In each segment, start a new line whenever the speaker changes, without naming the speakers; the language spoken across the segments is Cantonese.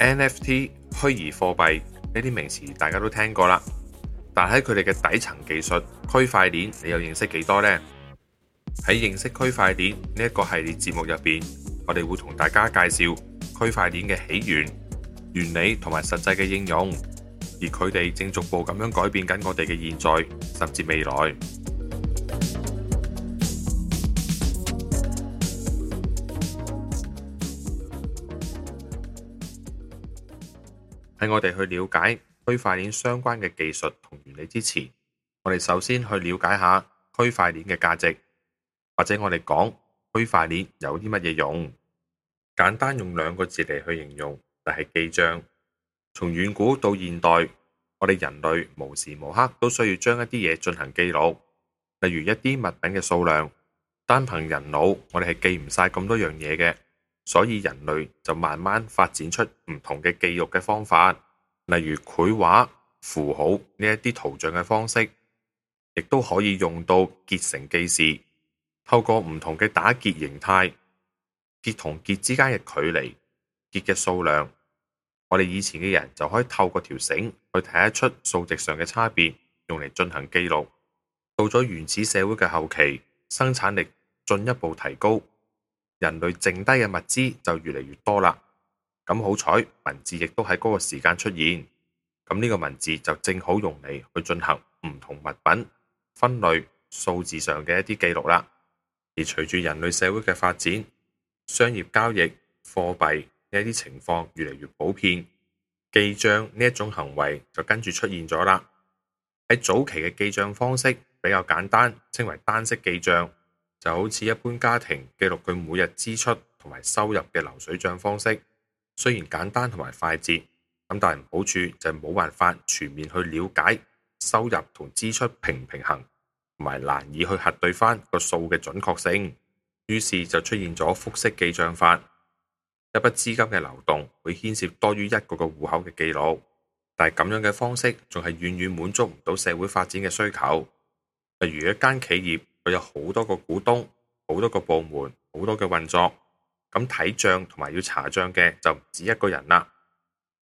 NFT 虛擬貨幣呢啲名詞大家都聽過啦，但喺佢哋嘅底層技術區塊鏈，你又認識幾多呢？喺認識區塊鏈呢一個系列節目入邊，我哋會同大家介紹區塊鏈嘅起源、原理同埋實際嘅應用，而佢哋正逐步咁樣改變緊我哋嘅現在，甚至未來。喺我哋去了解區塊鏈相關嘅技術同原理之前，我哋首先去了解下區塊鏈嘅價值，或者我哋講區塊鏈有啲乜嘢用？簡單用兩個字嚟去形容，就係、是、記帳。從遠古到現代，我哋人類無時無刻都需要將一啲嘢進行記錄，例如一啲物品嘅數量。單憑人腦，我哋係記唔晒咁多樣嘢嘅。所以人類就慢慢發展出唔同嘅記錄嘅方法，例如繪畫、符號呢一啲圖像嘅方式，亦都可以用到結成記事。透過唔同嘅打結形態、結同結之間嘅距離、結嘅數量，我哋以前嘅人就可以透過條繩去睇得出數值上嘅差別，用嚟進行記錄。到咗原始社會嘅後期，生產力進一步提高。人類剩低嘅物資就越嚟越多啦，咁好彩文字亦都喺嗰個時間出現，咁呢個文字就正好用嚟去進行唔同物品、分類、數字上嘅一啲記錄啦。而隨住人類社會嘅發展，商業交易、貨幣呢一啲情況越嚟越普遍，記賬呢一種行為就跟住出現咗啦。喺早期嘅記賬方式比較簡單，稱為單式記賬。就好似一般家庭記錄佢每日支出同埋收入嘅流水賬方式，雖然簡單同埋快捷，咁但係唔好處就係冇辦法全面去了解收入同支出平唔平衡，同埋難以去核對翻個數嘅準確性。於是就出現咗複式記賬法，一筆資金嘅流動會牽涉多於一個個戶口嘅記錄，但係咁樣嘅方式仲係遠遠滿足唔到社會發展嘅需求。例如一間企業。有好多個股東、好多個部門、好多嘅運作，咁睇賬同埋要查賬嘅就唔止一個人啦。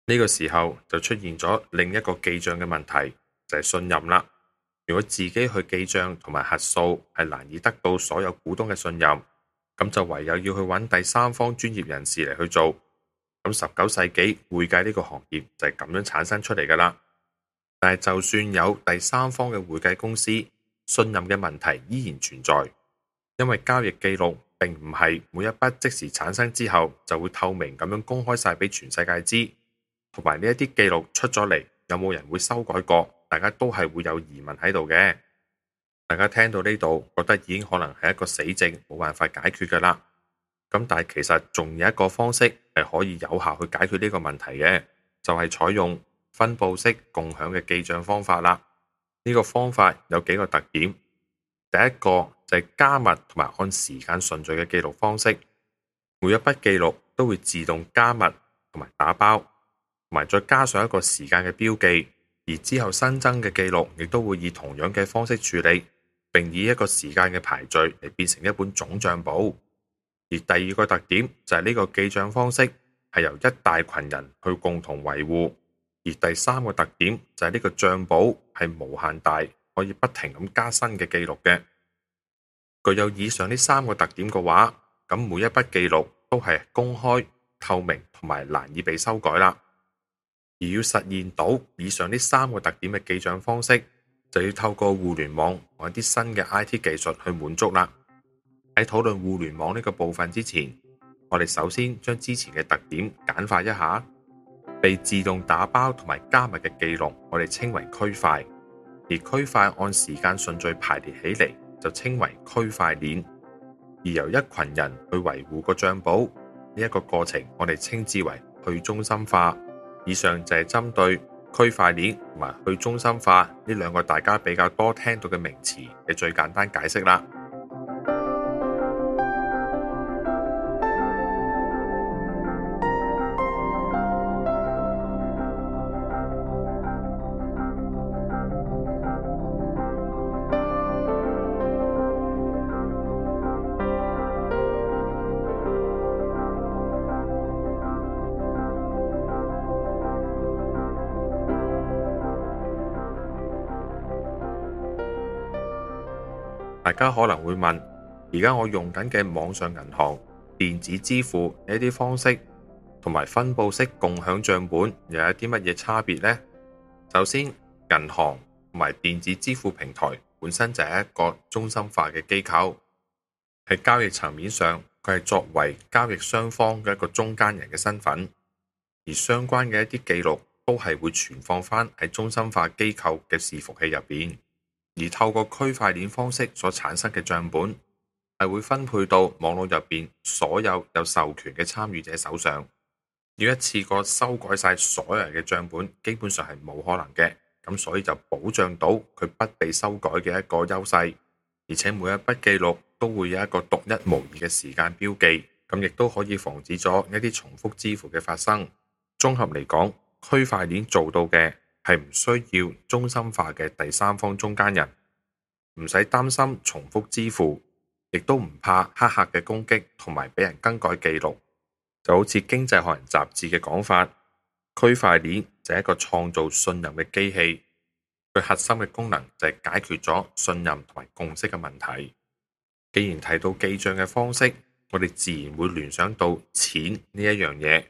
呢個時候就出現咗另一個記賬嘅問題，就係信任啦。如果自己去記賬同埋核數，係難以得到所有股東嘅信任，咁就唯有要去揾第三方專業人士嚟去做。咁十九世紀會計呢個行業就係咁樣產生出嚟噶啦。但係就算有第三方嘅會計公司。信任嘅問題依然存在，因為交易記錄並唔係每一筆即時產生之後就會透明咁樣公開晒俾全世界知，同埋呢一啲記錄出咗嚟有冇人會修改過，大家都係會有疑問喺度嘅。大家聽到呢度覺得已經可能係一個死症，冇辦法解決㗎喇。咁但係其實仲有一個方式係可以有效去解決呢個問題嘅，就係採用分布式共享嘅記賬方法啦。呢個方法有幾個特點，第一個就係加密同埋按時間順序嘅記錄方式，每一筆記錄都會自動加密同埋打包，同埋再加上一個時間嘅標記，而之後新增嘅記錄亦都會以同樣嘅方式處理，並以一個時間嘅排序嚟變成一本總賬簿。而第二個特點就係呢個記賬方式係由一大群人去共同維護。而第三個特點就係呢個帳簿係無限大，可以不停咁加新嘅記錄嘅。具有以上呢三個特點嘅話，咁每一筆記錄都係公開、透明同埋難以被修改啦。而要實現到以上呢三個特點嘅記賬方式，就要透過互聯網同一啲新嘅 IT 技術去滿足啦。喺討論互聯網呢個部分之前，我哋首先將之前嘅特點簡化一下。被自動打包同埋加密嘅記錄，我哋稱為區塊，而區塊按時間順序排列起嚟就稱為區塊鏈。而由一群人去維護個賬簿呢一個過程，我哋稱之為去中心化。以上就係針對區塊鏈同埋去中心化呢兩個大家比較多聽到嘅名詞嘅最簡單解釋啦。大家可能會問，而家我用緊嘅網上銀行、電子支付呢啲方式，同埋分布式共享帳本，又有啲乜嘢差別呢？首先，銀行同埋電子支付平台本身就係一個中心化嘅機構，喺交易層面上，佢係作為交易雙方嘅一個中間人嘅身份，而相關嘅一啲記錄都係會存放翻喺中心化機構嘅伺服器入邊。而透過區塊鏈方式所產生嘅帳本係會分配到網絡入邊所有有授權嘅參與者手上，要一次過修改晒所有人嘅帳本，基本上係冇可能嘅。咁所以就保障到佢不被修改嘅一個優勢，而且每一筆記錄都會有一個獨一無二嘅時間標記，咁亦都可以防止咗一啲重複支付嘅發生。綜合嚟講，區塊鏈做到嘅。係唔需要中心化嘅第三方中間人，唔使擔心重複支付，亦都唔怕黑客嘅攻擊同埋俾人更改記錄。就好似《經濟學人》雜誌嘅講法，區塊鏈就係一個創造信任嘅機器。佢核心嘅功能就係解決咗信任同埋共識嘅問題。既然提到記賬嘅方式，我哋自然會聯想到錢呢一樣嘢。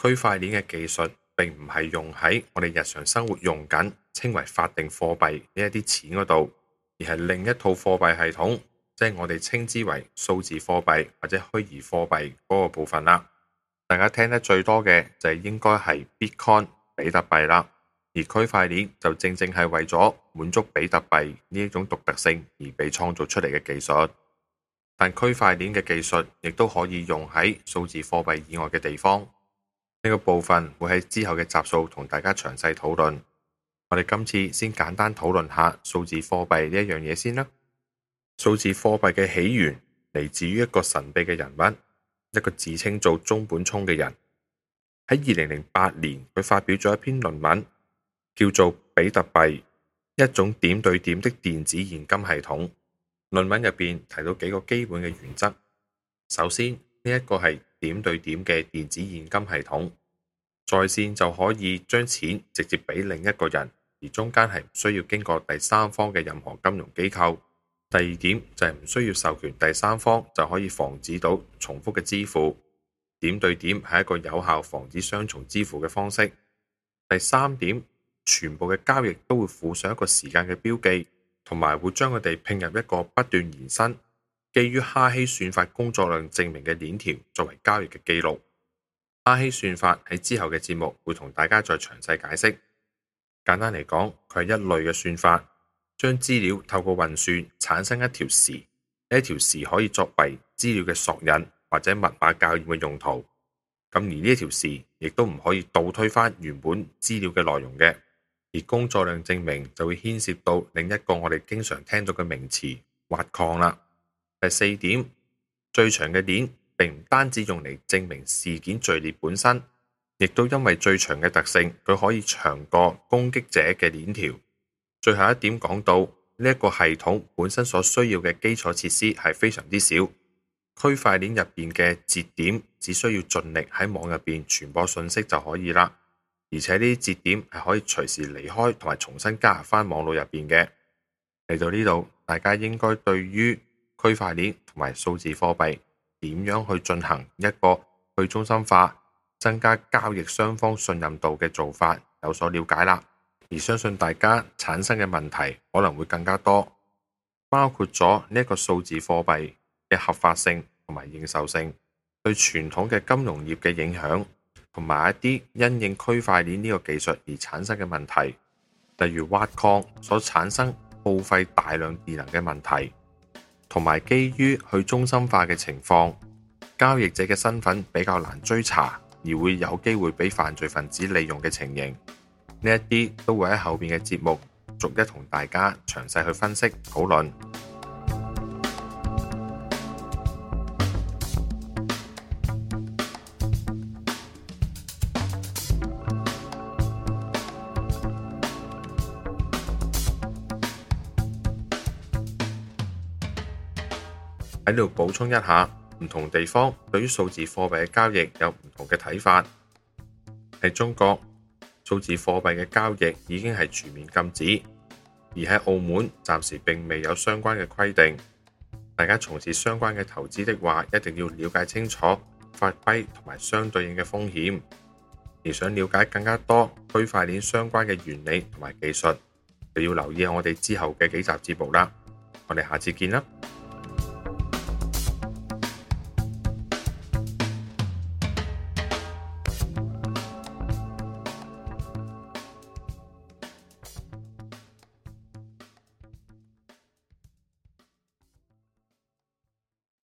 區塊鏈嘅技術。並唔係用喺我哋日常生活用緊稱為法定貨幣呢一啲錢嗰度，而係另一套貨幣系統，即係我哋稱之為數字貨幣或者虛擬貨幣嗰個部分啦。大家聽得最多嘅就係應該係 Bitcoin 比特幣啦，而區塊鏈就正正係為咗滿足比特幣呢一種獨特性而被創造出嚟嘅技術，但區塊鏈嘅技術亦都可以用喺數字貨幣以外嘅地方。呢個部分會喺之後嘅集數同大家詳細討論。我哋今次先簡單討論下數字貨幣呢一樣嘢先啦。數字貨幣嘅起源嚟自於一個神秘嘅人物，一個自稱做中本聰嘅人。喺二零零八年，佢發表咗一篇論文，叫做比特幣，一種點對點的電子現金系統。論文入邊提到幾個基本嘅原則，首先。呢一個係點對點嘅電子現金系統，在線就可以將錢直接俾另一個人，而中間係唔需要經過第三方嘅任何金融機構。第二點就係唔需要授權第三方就可以防止到重複嘅支付。點對點係一個有效防止雙重支付嘅方式。第三點，全部嘅交易都會附上一個時間嘅標記，同埋會將佢哋拼入一個不斷延伸基於哈希算法、工作量證明嘅鏈條作為交易嘅記錄，哈希算法喺之後嘅節目會同大家再詳細解釋。簡單嚟講，佢係一類嘅算法，將資料透過運算產生一條匙，呢條匙可以作為資料嘅索引或者密碼校驗嘅用途。咁而呢一條匙亦都唔可以倒推返原本資料嘅內容嘅。而工作量證明就會牽涉到另一個我哋經常聽到嘅名詞，挖礦啦。第四點，最長嘅鏈並唔單止用嚟證明事件序列本身，亦都因為最長嘅特性，佢可以長過攻擊者嘅鏈條。最後一點講到呢一個系統本身所需要嘅基礎設施係非常之少。區塊鏈入邊嘅節點只需要盡力喺網入邊傳播信息就可以啦，而且呢啲節點係可以隨時離開同埋重新加入翻網絡入邊嘅。嚟到呢度，大家應該對於區塊鏈同埋數字貨幣點樣去進行一個去中心化、增加交易雙方信任度嘅做法有所了解啦，而相信大家產生嘅問題可能會更加多，包括咗呢一個數字貨幣嘅合法性同埋認受性，對傳統嘅金融業嘅影響，同埋一啲因應區塊鏈呢個技術而產生嘅問題，例如挖礦所產生耗費大量電能嘅問題。同埋，基於去中心化嘅情況，交易者嘅身份比較難追查，而會有機會俾犯罪分子利用嘅情形，呢一啲都會喺後邊嘅節目逐一同大家詳細去分析討論。討論。喺度補充一下，唔同地方對於數字貨幣嘅交易有唔同嘅睇法。喺中國，數字貨幣嘅交易已經係全面禁止；而喺澳門，暫時並未有相關嘅規定。大家從事相關嘅投資嘅話，一定要了解清楚法規同埋相對應嘅風險。而想了解更加多區塊鏈相關嘅原理同埋技術，就要留意我哋之後嘅幾集節目啦。我哋下次見啦。